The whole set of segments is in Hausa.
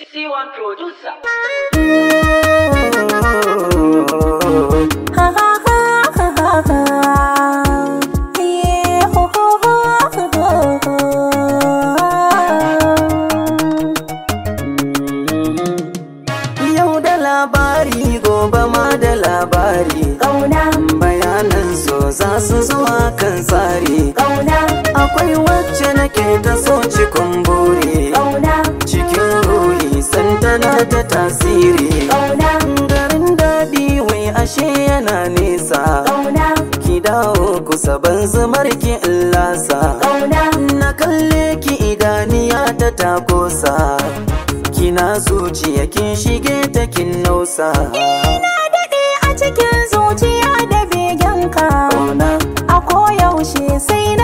cc Yau da labari gobe ma da labari Kauna Bayanan so za su zuwa kan tsari Kauna Akwai wacce nake ta so kusa ban zumar ki in lasa na kalle ki idaniya ta takosa kina zuciya kin shige ta kin nausa ina daɗe a cikin zuciya da ka. a koyaushe sai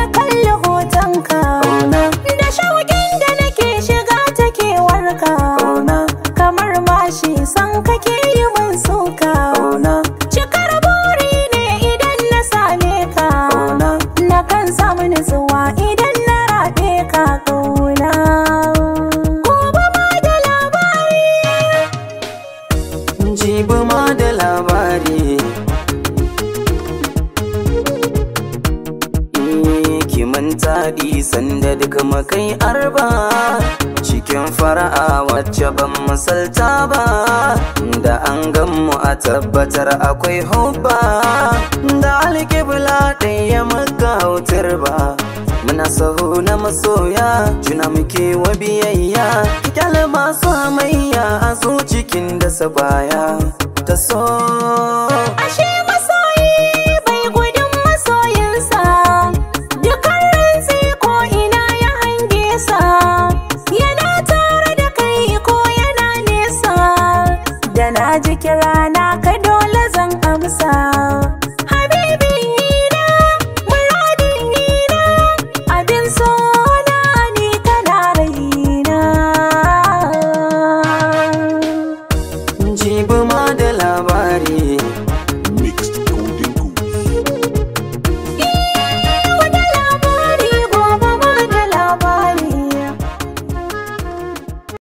taɗi sanda duka makai arba cikin fara'a wacce ban masalta ba da an ganmu a tabbatar akwai hubba da alƙibla ɗaya maka hautar ba muna sahu na masoya juna muke wa biyayya kyale masu hamayya a zo cikin dasa baya ta so da na ji kira na ka dole zan amsa